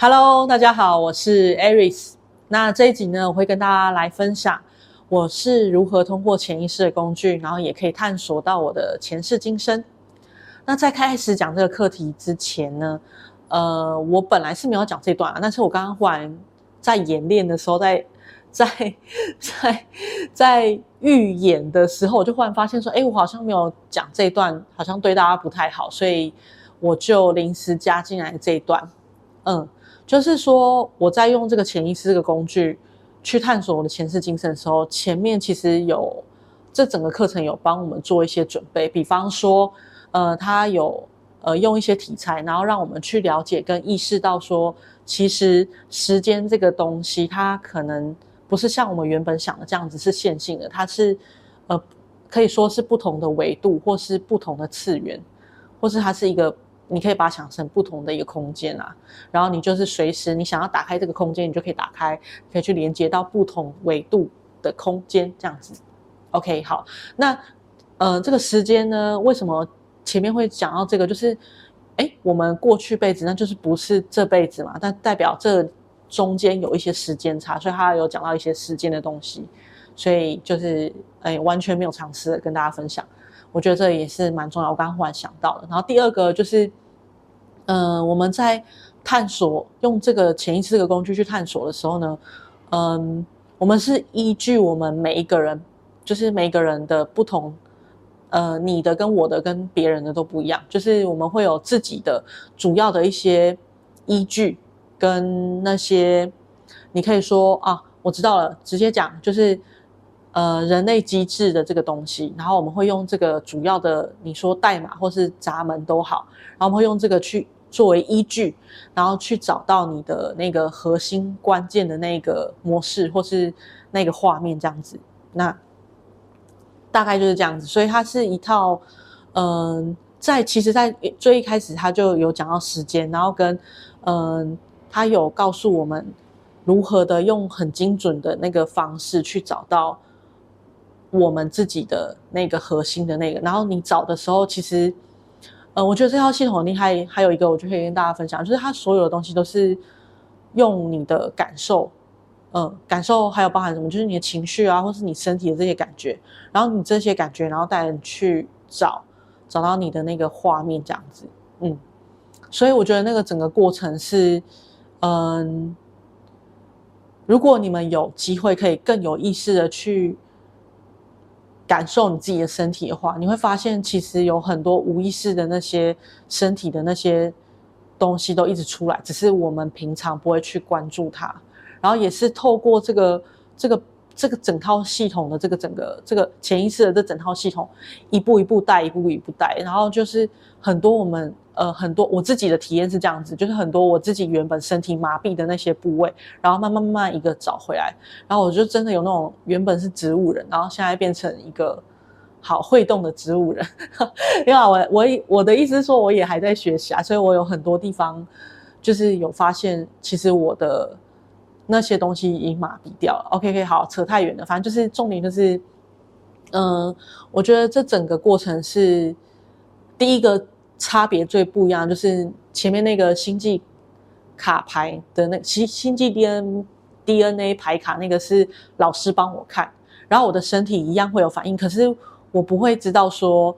Hello，大家好，我是 Aris。那這一集呢，我會跟大家來分享我是如何通過潛意識的工具，然後也可以探索到我的前世今生。那在開始講這個課題之前呢，呃，我本來是沒有講這段啊，但是我剛剛忽然在演練的時候，在在在在預演的時候，我就忽然發現說，哎、欸，我好像沒有講這段，好像對大家不太好，所以我就臨時加進來這一段，嗯。就是說，我在用這個潛意識這個工具去探索我的前世今生的時候，前面其實有這整個課程有幫我們做一些準備，比方說，呃，他有呃用一些題材，然後讓我們去了解跟意識到說，其實時間這個東西，它可能不是像我們原本想的這樣子是線性的，它是呃可以說是不同的維度，或是不同的次元，或是它是一個。你可以把它想成不同的一個空間啊，然後你就是隨時你想要打開這個空間，你就可以打開，可以去連接到不同維度的空間這樣子。OK，好，那呃這個時間呢，為什麼前面會講到這個？就是哎，我們過去輩子那就是不是這輩子嘛，但代表這中間有一些時間差，所以它有講到一些時間的東西，所以就是哎完全沒有嘗試跟大家分享。我覺得這也是蠻重要，我剛忽然想到的。然後第二個就是，嗯、呃，我們在探索用這個潛意識這個工具去探索的時候呢，嗯、呃，我們是依據我們每一個人，就是每一個人的不同，呃，你的跟我的跟別人的都不一樣，就是我們會有自己的主要的一些依據跟那些，你可以說啊，我知道了，直接講就是。呃，人類機制的這個東西，然後我們會用這個主要的，你說代碼或是閘門都好，然後我們會用這個去作為依據，然後去找到你的那個核心關鍵的那個模式或是那個畫面這樣子，那大概就是這樣子，所以它是一套，嗯、呃，在其實，在最一開始它就有講到時間，然後跟，嗯、呃，它有告訴我們如何的用很精準的那個方式去找到。我們自己的那個核心的那個，然後你找的時候，其實，呃、嗯，我覺得這套系統很厲害。還有一個，我就可以跟大家分享，就是它所有的東西都是用你的感受，嗯，感受還有包含什麼，就是你的情緒啊，或是你身體的這些感覺，然後你這些感覺，然後帶人去找，找到你的那個畫面這樣子，嗯。所以我覺得那個整個過程是，嗯，如果你們有機會，可以更有意識的去。感受你自己的身體的話，你會發現其實有很多無意識的那些身體的那些東西都一直出來，只是我們平常不會去關注它。然後也是透過這個，這個。這個整套系統的這個整個這個前一次的這整套系統一步一步帶一步一步帶，然後就是很多我們呃很多我自己的體驗是這樣子，就是很多我自己原本身體麻痹的那些部位，然後慢慢慢慢一個找回來，然後我就真的有那種原本是植物人，然後現在變成一個好會動的植物人。因 為我我我的意思是說我也還在學習啊，所以我有很多地方就是有發現，其實我的。那些東西已經麻痹掉了。OK，可以，好，扯太遠了。反正就是重點就是，嗯、呃，我覺得這整個過程是第一個差別最不一樣，就是前面那個星際卡牌的那個，星星際 D N D N A 牌卡那個是老師幫我看，然後我的身體一樣會有反應，可是我不會知道說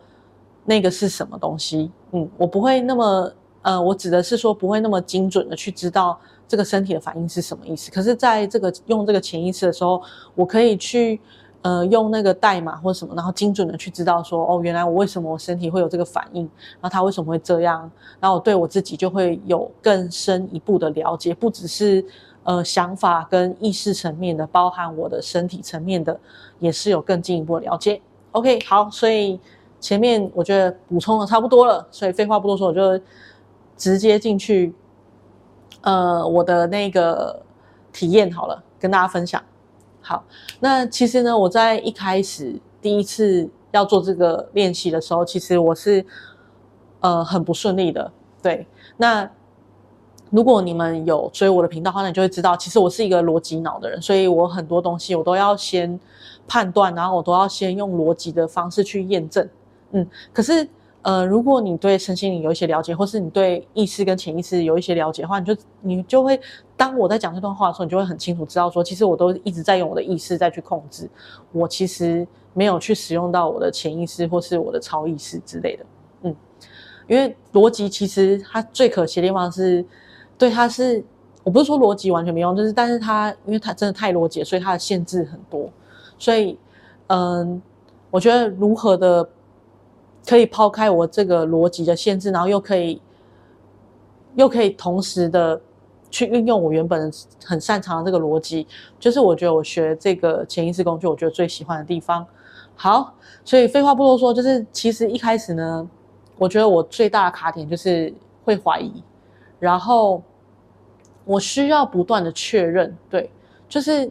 那個是什麼東西。嗯，我不會那麼。呃，我指的是說不會那麼精準的去知道這個身體的反應是什麼意思。可是，在這個用這個潛意識的時候，我可以去呃用那個代碼或什麼，然後精準的去知道說，哦，原來我為什麼我身體會有這個反應，然後他為什麼會這樣，然後我對我自己就會有更深一步的了解，不只是呃想法跟意識層面的，包含我的身體層面的也是有更進一步的了解。OK，好，所以前面我覺得補充的差不多了，所以廢話不多說，我就。直接進去，呃，我的那個體驗好了，跟大家分享。好，那其實呢，我在一開始第一次要做這個練習的時候，其實我是呃很不順利的。對，那如果你們有追我的頻道的話，你就會知道，其實我是一個邏輯腦的人，所以我很多東西我都要先判斷，然後我都要先用邏輯的方式去驗證。嗯，可是。呃，如果你對身心靈有一些了解，或是你對意識跟潛意識有一些了解的話，你就你就會，當我在講這段話的時候，你就會很清楚知道說，其實我都一直在用我的意識在去控制，我其實沒有去使用到我的潛意識或是我的超意識之類的。嗯，因為邏輯其實它最可惜的地方是對，它是，我不是說邏輯完全沒用，就是但是它因為它真的太邏輯，所以它的限制很多，所以嗯、呃，我覺得如何的。可以拋開我這個邏輯的限制，然後又可以，又可以同時的去運用我原本很擅長的這個邏輯，就是我覺得我學這個潛意識工具，我覺得最喜歡的地方。好，所以廢話不多說，就是其實一開始呢，我覺得我最大的卡點就是會懷疑，然後我需要不斷的確認，對，就是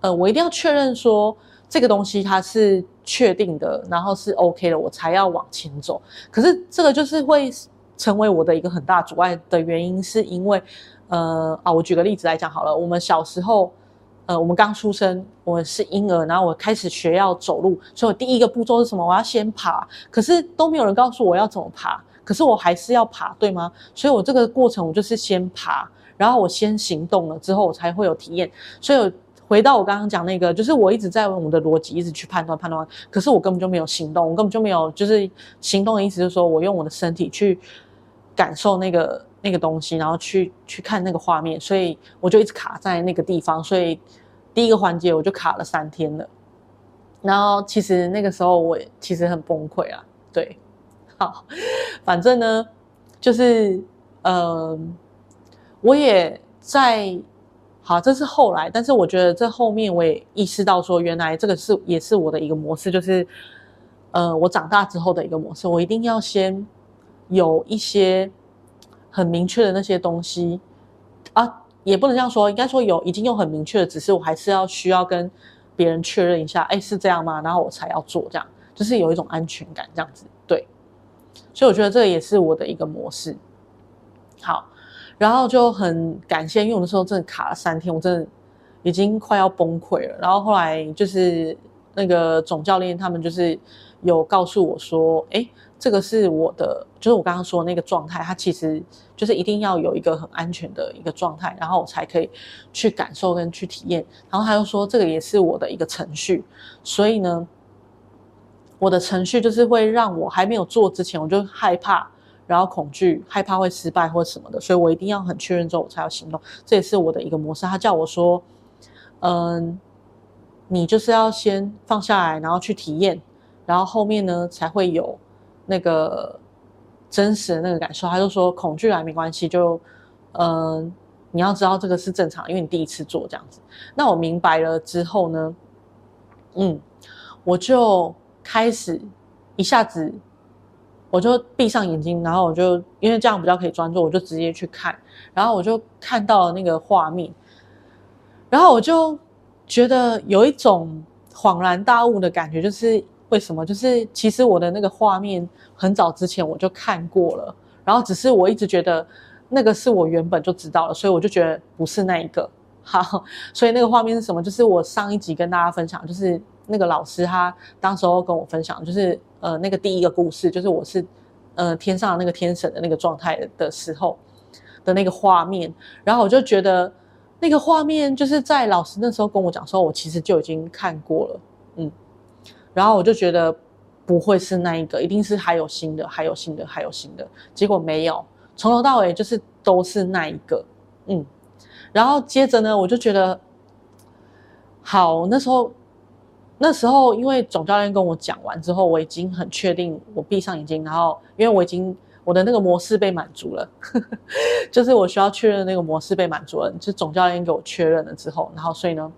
呃，我一定要確認說。這個東西它是確定的，然後是 OK 的，我才要往前走。可是這個就是會成為我的一個很大阻礙的原因，是因為，呃，啊，我舉個例子來講好了。我們小時候，呃，我們剛出生，我們是嬰兒，然後我開始學要走路，所以我第一個步驟是什麼？我要先爬。可是都沒有人告訴我要怎麼爬，可是我還是要爬，對嗎？所以我這個過程我就是先爬，然後我先行動了之後，我才會有體驗。所以我。回到我剛剛講那個，就是我一直在為我的邏輯一直去判斷判斷，可是我根本就沒有行動，我根本就沒有就是行動的意思，就是說我用我的身體去感受那個那個東西，然後去去看那個畫面，所以我就一直卡在那個地方。所以第一個環節我就卡了三天了，然後其實那個時候我其實很崩潰啊。對，好，反正呢，就是嗯、呃，我也在。好，這是後來，但是我覺得這後面我也意識到說，原來這個是也是我的一個模式，就是，呃，我長大之後的一個模式，我一定要先有一些很明確的那些東西，啊，也不能這樣說，應該說有已經有很明確的指示，只是我還是要需要跟別人確認一下，哎、欸，是這樣嗎？然後我才要做這樣，就是有一種安全感這樣子，對，所以我覺得這也是我的一個模式，好。然後就很感謝，因為我那時候真的卡了三天，我真的已經快要崩潰了。然後後來就是那個總教練他們就是有告訴我說：“哎，這個是我的，就是我剛剛說的那個狀態，它其實就是一定要有一個很安全的一個狀態，然後我才可以去感受跟去體驗。”然後他又說：“這個也是我的一個程序，所以呢，我的程序就是會讓我還沒有做之前，我就害怕。”然後恐懼、害怕會失敗或什麼的，所以我一定要很確認之後我才要行動，這也是我的一個模式。他叫我說：“嗯、呃，你就是要先放下來，然後去體驗，然後後面呢才會有那個真實的那個感受。”他就說：“恐懼來沒關係，就嗯、呃，你要知道這個是正常，因為你第一次做這樣子。”那我明白了之後呢，嗯，我就開始一下子。我就閉上眼睛，然後我就因為這樣比較可以專注，我就直接去看，然後我就看到了那個畫面，然後我就覺得有一種恍然大悟的感覺，就是為什麼？就是其實我的那個畫面很早之前我就看過了，然後只是我一直覺得那個是我原本就知道了，所以我就覺得不是那一個。好，所以那個畫面是什麼？就是我上一集跟大家分享，就是。那個老師他當時候跟我分享，就是呃那個第一個故事，就是我是呃天上那個天神的那個狀態的時候的那個畫面，然後我就覺得那個畫面就是在老師那時候跟我講的時候，我其實就已經看過了，嗯，然後我就覺得不會是那一個，一定是還有新的，還有新的，還有新的，結果沒有，從頭到尾就是都是那一個，嗯，然後接着呢，我就覺得好，那時候。那時候，因為總教練跟我講完之後，我已經很確定。我閉上眼睛，然後因為我已經我的那個模式被滿足了，呵呵，就是我需要確認的那個模式被滿足了，就總教練給我確認了之後，然後所以呢，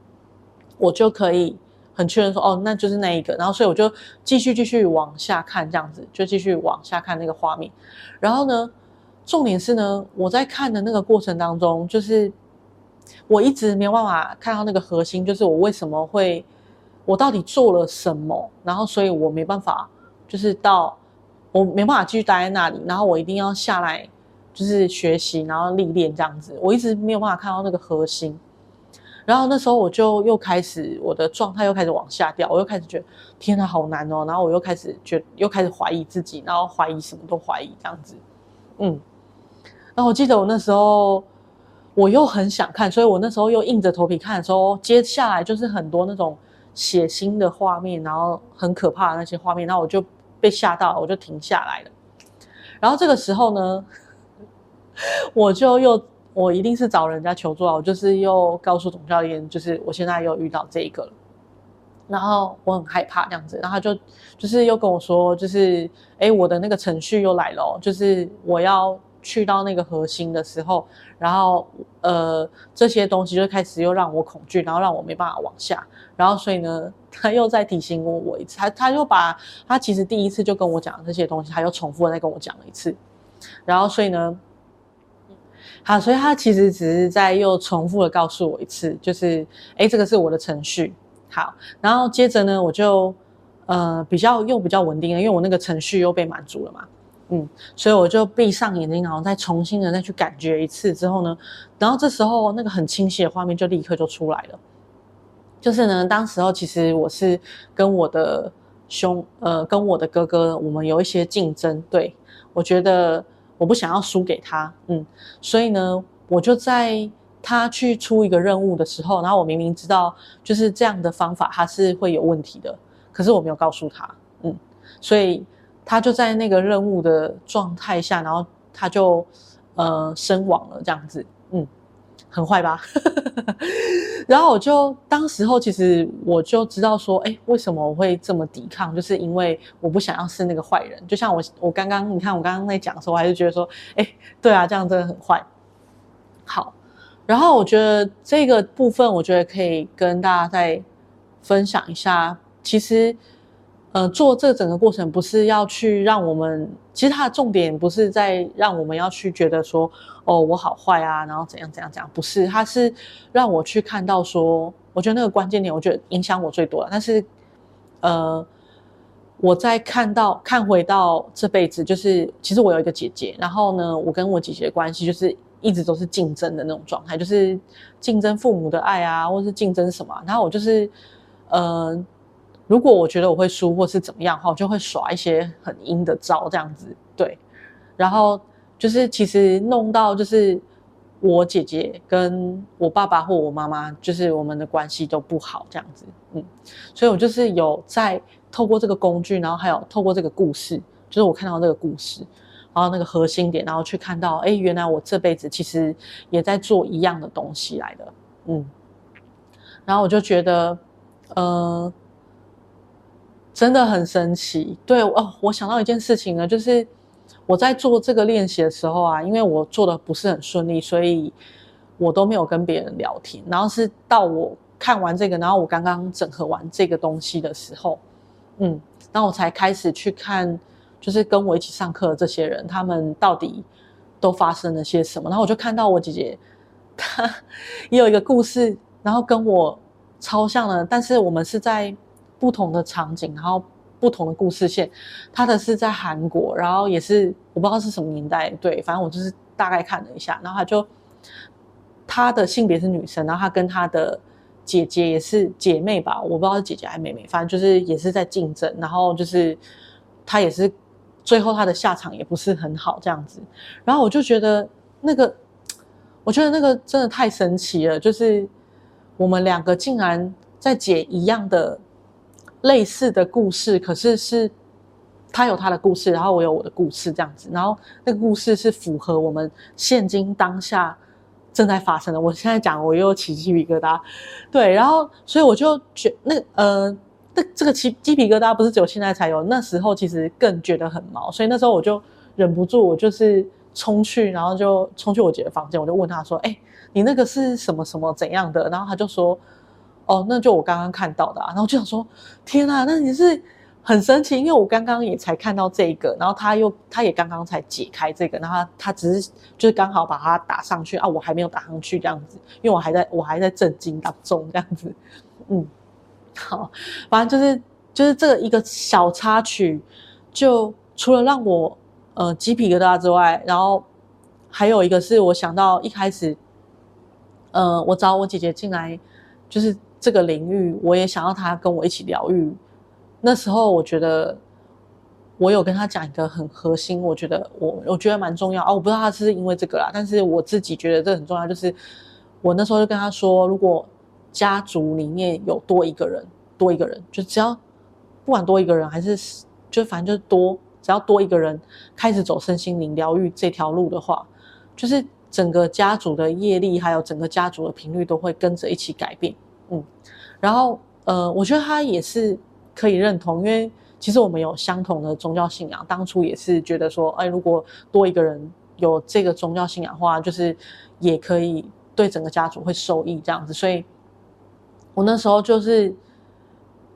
我就可以很確認說，哦，那就是那一個。然後所以我就繼續繼續往下看，這樣子就繼續往下看那個畫面。然後呢，重點是呢，我在看的那個過程當中，就是我一直沒有辦法看到那個核心，就是我為什麼會。我到底做了什麼？然後，所以我沒辦法，就是到我沒辦法繼續待在那裡，然後我一定要下來，就是學習，然後歷練這樣子。我一直沒有辦法看到那個核心。然後那時候我就又開始，我的狀態又開始往下掉。我又開始覺得天啊，好難哦。然後我又開始覺得，又開始懷疑自己，然後懷疑什麼都懷疑這樣子。嗯。然後我記得我那時候我又很想看，所以我那時候又硬着頭皮看的時候，接下來就是很多那種。血腥的畫面，然後很可怕的那些畫面，然後我就被嚇到了，我就停下來了。然後這個時候呢，我就又我一定是找人家求助啊，我就是又告訴總教練，就是我現在又遇到這一個了，然後我很害怕這樣子，然後他就就是又跟我說，就是哎、欸、我的那個程序又來了，哦，就是我要。去到那個核心的時候，然後呃這些東西就開始又讓我恐懼，然後讓我沒辦法往下，然後所以呢，他又再提醒我我一次，他他又把他其實第一次就跟我講這些東西，他又重複的再跟我講了一次，然後所以呢，嗯，好，所以他其實只是在又重複的告訴我一次，就是哎這個是我的程序，好，然後接着呢，我就呃比較又比較穩定了，因為我那個程序又被滿足了嘛。嗯，所以我就閉上眼睛，然後再重新的再去感覺一次之後呢，然後這時候那個很清晰的畫面就立刻就出來了。就是呢，當時候其實我是跟我的兄，呃，跟我的哥哥，我們有一些競爭，對，我覺得我不想要輸給他，嗯，所以呢，我就在他去出一個任務的時候，然後我明明知道就是這樣的方法他是會有問題的，可是我沒有告訴他，嗯，所以。他就在那個任務的狀態下，然後他就呃身亡了，這樣子，嗯，很壞吧？ 然後我就當時候，其實我就知道說，哎，為什麼我會這麼抵抗？就是因為我不想要是那個壞人。就像我，我剛剛你看，我剛剛在講的時候，我還是覺得說，哎，對啊，這樣真的很壞。好，然後我覺得這個部分，我覺得可以跟大家再分享一下。其實。呃，做這整個過程不是要去讓我們，其實它的重點不是在讓我們要去覺得說，哦，我好壞啊，然後怎樣怎樣怎樣，不是，它是讓我去看到說，我覺得那個關鍵點，我覺得影響我最多了。但是，呃，我在看到看回到這輩子，就是其實我有一個姐姐，然後呢，我跟我姐姐的關係就是一直都是競爭的那種狀態，就是競爭父母的愛啊，或者是競爭什麼、啊，然後我就是，嗯、呃。如果我覺得我會輸，或是怎麼樣的話，我就會耍一些很陰的招這樣子，對。然後就是其實弄到就是我姐姐跟我爸爸或我媽媽，就是我們的關係都不好這樣子，嗯。所以我就是有在透過這個工具，然後還有透過這個故事，就是我看到那個故事，然後那個核心點，然後去看到，哎，原來我這輩子其實也在做一樣的東西來的，嗯。然後我就覺得，嗯、呃。真的很神奇，對哦，我想到一件事情呢，就是我在做這個練習的時候啊，因為我做的不是很順利，所以我都沒有跟別人聊天。然後是到我看完這個，然後我剛剛整合完這個東西的時候，嗯，然後我才開始去看，就是跟我一起上課的這些人，他們到底都發生了些什麼。然後我就看到我姐姐，她也有一個故事，然後跟我超像了，但是我們是在。不同的場景，然後不同的故事線，他的是在韓國，然後也是我不知道是什麼年代，對，反正我就是大概看了一下，然後他就他的性別是女生，然後他跟他的姐姐也是姐妹吧，我不知道是姐姐還是妹妹，反正就是也是在競爭，然後就是他也是最後他的下場也不是很好這樣子，然後我就覺得那個，我覺得那個真的太神奇了，就是我們兩個竟然在解一樣的。類似的故事，可是是，他有他的故事，然後我有我的故事，這樣子，然後那個故事是符合我們現今當下正在發生的。我現在講，我又起雞皮疙瘩，對，然後所以我就覺得那呃，那這個起雞，雞皮疙瘩不是只有現在才有，那時候其實更覺得很毛，所以那時候我就忍不住，我就是衝去，然後就衝去我姐的房間，我就問她說：“哎，你那個是什麼什麼怎樣的？”然後她就說。哦，那就我剛剛看到的啊，然後就想說，天啊，那你是很神奇，因為我剛剛也才看到這個，然後他又他也剛剛才解開這個，然後他，他只是就是剛好把它打上去啊，我還沒有打上去這樣子，因為我還在我還在震驚當中這樣子，嗯，好，反正就是就是這個一個小插曲，就除了讓我呃雞皮疙瘩之外，然後還有一個是我想到一開始，呃，我找我姐姐進來就是。這個領域，我也想要他跟我一起療癒。那時候，我覺得我有跟他講一個很核心，我覺得我我覺得蠻重要哦，我不知道他是因為這個啦，但是我自己覺得這很重要。就是我那時候就跟他說，如果家族裡面有多一個人，多一個人，就只要不管多一個人還是就反正就是多，只要多一個人開始走身心靈療癒這條路的話，就是整個家族的業力還有整個家族的頻率都會跟着一起改變。嗯，然後呃，我覺得他也是可以認同，因為其實我們有相同的宗教信仰，當初也是覺得說，哎、呃，如果多一個人有這個宗教信仰的話，就是也可以對整個家族會受益這樣子。所以，我那時候就是，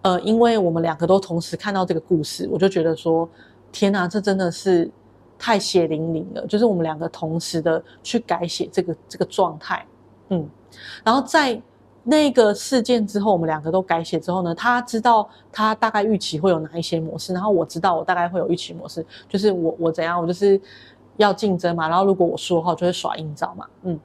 呃，因為我們兩個都同時看到這個故事，我就覺得說，天哪，這真的是太血淋淋了，就是我們兩個同時的去改寫這個這個狀態，嗯，然後在。那個事件之後，我們兩個都改寫之後呢，他知道他大概預期會有哪一些模式，然後我知道我大概會有預期模式，就是我我怎樣，我就是要競爭嘛，然後如果我輸的話，我就會耍陰招嘛，嗯，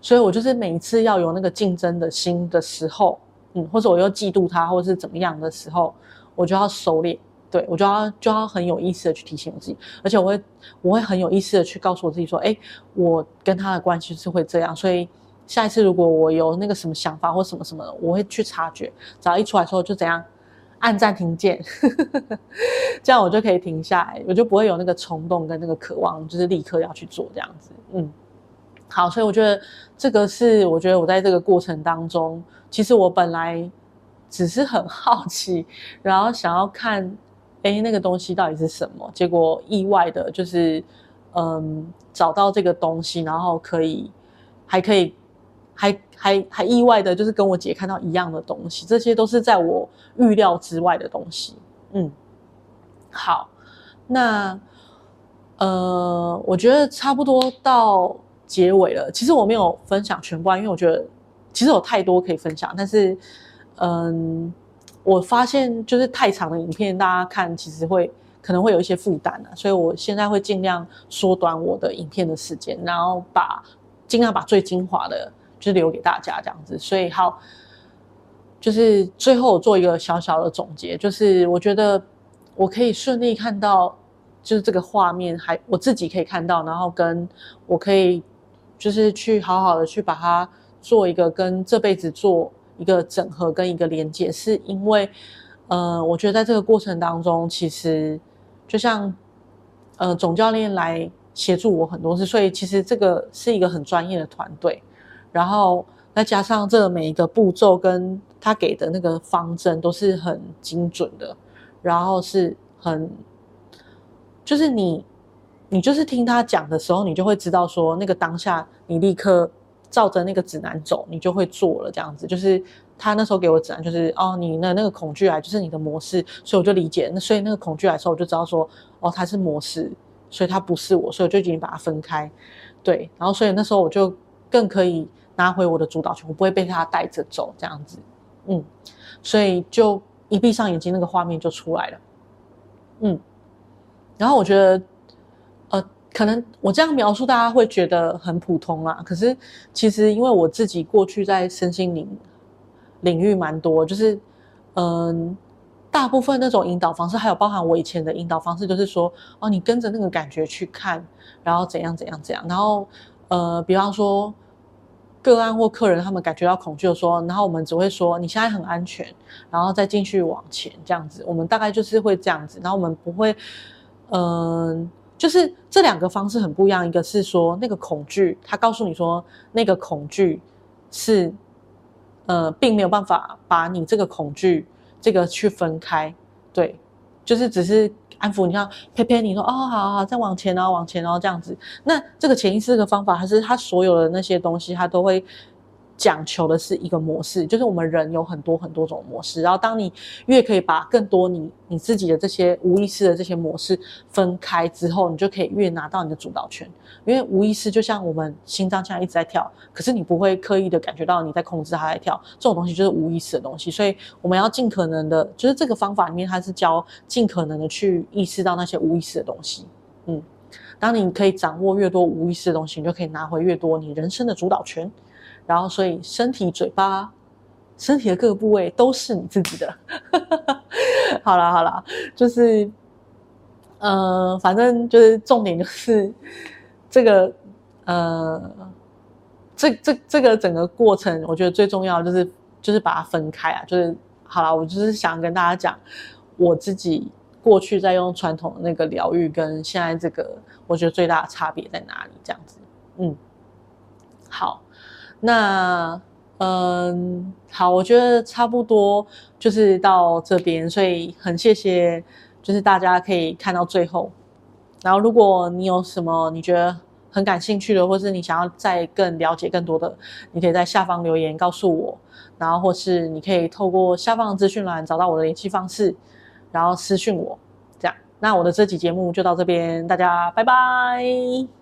所以我就是每一次要有那個競爭的心的時候，嗯，或者我又嫉妒他，或者是怎麼樣的時候，我就要收斂，對，我就要就要很有意識的去提醒我自己，而且我會我會很有意識的去告訴我自己說，誒、欸、我跟他的關係是會這樣，所以。下一次如果我有那個什麼想法或什麼什麼的，我會去察覺，只要一出來之後就怎樣，按暫停鍵，呵呵，這樣我就可以停下來，我就不會有那個衝動跟那個渴望，就是立刻要去做這樣子。嗯，好，所以我覺得這個是，我覺得我在這個過程當中，其實我本來只是很好奇，然後想要看，誒，那個東西到底是什麼，結果意外的就是，嗯，找到這個東西，然後可以，還可以。還還還意外的，就是跟我姐看到一樣的東西，這些都是在我預料之外的東西。嗯，好，那呃，我覺得差不多到結尾了。其實我沒有分享全部啊，因為我覺得其實有太多可以分享，但是嗯，我發現就是太長的影片，大家看其實會可能會有一些負擔啊，所以我現在會盡量縮短我的影片的時間，然後把盡量把最精華的。就留給大家這樣子，所以好，就是最後我做一個小小的總結，就是我覺得我可以順利看到，就是這個畫面還我自己可以看到，然後跟我可以就是去好好的去把它做一個跟這輩子做一個整合跟一個連接，是因為，呃，我覺得在這個過程當中，其實就像呃總教練來協助我很多次，所以其實這個是一個很專業的團隊。然後再加上這個每一個步驟跟他給的那個方針都是很精準的，然後是很，就是你，你就是聽他講的時候，你就會知道說那個當下你立刻照着那個指南走，你就會做了這樣子。就是他那時候給我指南，就是哦，你的那個恐懼癌就是你的模式，所以我就理解那，所以那個恐懼癌的時候我就知道說哦，他是模式，所以他不是我，所以我就已經把它分開。對，然後所以那時候我就。更可以拿回我的主導權，我不會被他帶着走這樣子，嗯，所以就一閉上眼睛，那個畫面就出來了，嗯，然後我覺得，呃，可能我這樣描述大家會覺得很普通啦，可是其實因為我自己過去在身心靈領域蠻多，就是嗯、呃，大部分那種引導方式，還有包含我以前的引導方式，就是說哦，你跟着那個感覺去看，然後怎樣怎樣怎樣，然後。呃，比方說個案或客人，他們感覺到恐懼的時候，然後我們只會說你現在很安全，然後再繼續往前這樣子，我們大概就是會這樣子，然後我們不會，嗯、呃，就是這兩個方式很不一樣，一個是說那個恐懼，他告訴你說那個恐懼是，呃，並沒有辦法把你這個恐懼這個去分開，對。就是只是安撫，你看，拍拍你說，哦，好好好，再往前，然後往前，然後這樣子。那這個潛意識的方法，還是他所有的那些東西，他都會。講求的是一個模式，就是我們人有很多很多種模式。然後，當你越可以把更多你你自己的這些無意識的這些模式分開之後，你就可以越拿到你的主導權。因為無意識就像我們心臟現在一直在跳，可是你不會刻意的感覺到你在控制它在跳。這種東西就是無意識的東西。所以我們要盡可能的，就是這個方法裡面它是教盡可能的去意識到那些無意識的東西。嗯，當你可以掌握越多無意識的東西，你就可以拿回越多你人生的主導權。然後，所以身體、嘴巴、身體的各個部位都是你自己的。 好了，好了，就是，呃，反正就是重點就是這個，呃，這這這個整個過程，我覺得最重要就是就是把它分開啊。就是好了，我就是想跟大家講，我自己過去在用傳統的那個療癒，跟現在這個，我覺得最大的差別在哪裡？這樣子，嗯，好。那嗯、呃，好，我覺得差不多就是到這邊，所以很謝謝，就是大家可以看到最後。然後，如果你有什麼你覺得很感興趣的，或是你想要再更了解更多的，你可以在下方留言告訴我，然後或是你可以透過下方的資訊欄找到我的聯繫方式，然後私訊我這樣。那我的這集節目就到這邊，大家拜拜。